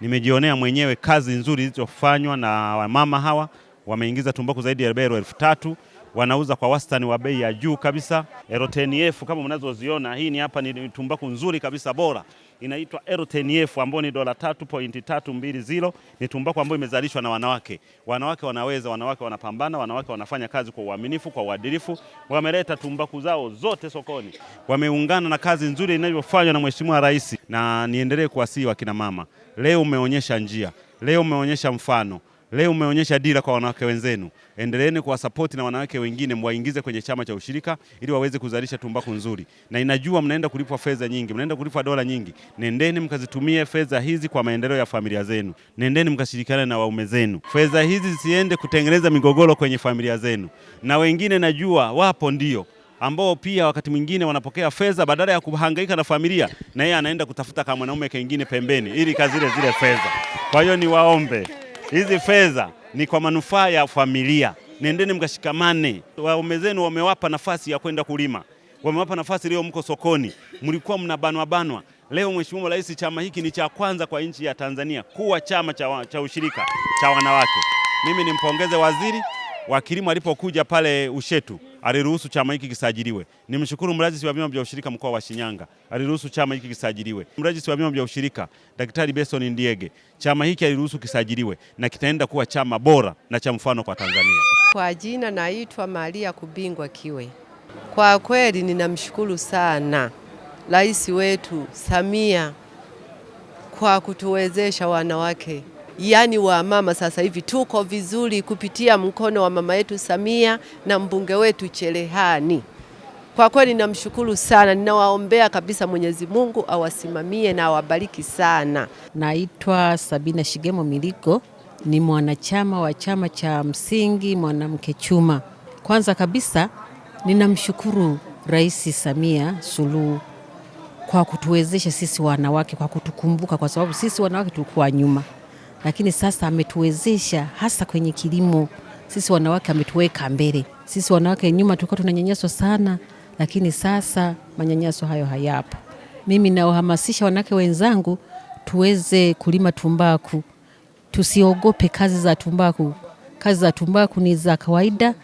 Nimejionea mwenyewe kazi nzuri zilizofanywa na wamama hawa, wameingiza tumbaku zaidi ya elfu tatu wanauza kwa wastani wa bei ya juu kabisa. f kama mnazoziona, hii ni hapa ni tumbaku nzuri kabisa bora, inaitwa f ambayo ni dola 3.320 ni tumbaku ambayo imezalishwa na wanawake. Wanawake wanaweza, wanawake wanapambana, wanawake wanafanya kazi kwa uaminifu, kwa uadilifu. Wameleta tumbaku zao zote sokoni, wameungana na kazi nzuri inavyofanywa na Mheshimiwa Rais, na niendelee kuwasihi wakina mama, leo umeonyesha njia, leo umeonyesha mfano Leo mmeonyesha dira kwa wanawake wenzenu, endeleeni kuwasapoti na wanawake wengine mwaingize kwenye chama cha ushirika ili waweze kuzalisha tumbaku nzuri, na inajua mnaenda kulipwa fedha nyingi, mnaenda kulipwa dola nyingi. Nendeni mkazitumie fedha hizi kwa maendeleo ya familia zenu, nendeni mkashirikiane na waume zenu. Fedha hizi zisiende kutengeneza migogoro kwenye familia zenu. Na wengine najua wapo ndio ambao pia wakati mwingine wanapokea fedha badala ya kuhangaika na familia, na yeye anaenda kutafuta kama mwanaume kengine pembeni ili kazile zile fedha. Kwa hiyo niwaombe hizi fedha ni kwa manufaa ya familia. Nendeni mkashikamane, waume zenu wamewapa nafasi ya kwenda kulima, wamewapa nafasi. Leo mko sokoni, mlikuwa mnabanwa banwa. Leo Mheshimiwa Rais, chama hiki ni cha kwanza kwa nchi ya Tanzania kuwa chama cha, cha ushirika cha wanawake. Mimi nimpongeze waziri wa kilimo alipokuja pale Ushetu aliruhusu chama hiki kisajiliwe. Nimshukuru mrajisi wa vyama vya ushirika mkoa wa Shinyanga, aliruhusu chama hiki kisajiliwe. Mrajisi wa vyama vya ushirika Daktari Beson Ndiege, chama hiki aliruhusu kisajiliwe na kitaenda kuwa chama bora na cha mfano kwa Tanzania. Kwa jina naitwa Maria Kubingwa Kiwe. Kwa kweli ninamshukuru sana Rais wetu Samia kwa kutuwezesha wanawake yani wa mama sasa hivi tuko vizuri kupitia mkono wa mama yetu Samia na mbunge wetu Cherehani. Kwa kweli namshukuru sana, ninawaombea kabisa Mwenyezi Mungu awasimamie na awabariki sana. Naitwa Sabina Shigemo Miliko, ni mwanachama wa chama cha msingi mwanamke chuma. Kwanza kabisa ninamshukuru Rais Samia Suluhu kwa kutuwezesha sisi wanawake, kwa kutukumbuka, kwa sababu sisi wanawake tulikuwa nyuma lakini sasa ametuwezesha hasa kwenye kilimo. Sisi wanawake ametuweka mbele. Sisi wanawake nyuma tulikuwa tunanyanyaswa sana, lakini sasa manyanyaso hayo hayapo. Mimi nawahamasisha wanawake wenzangu tuweze kulima tumbaku, tusiogope kazi za tumbaku. Kazi za tumbaku ni za kawaida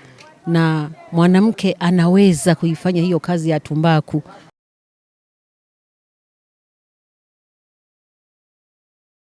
na mwanamke anaweza kuifanya hiyo kazi ya tumbaku.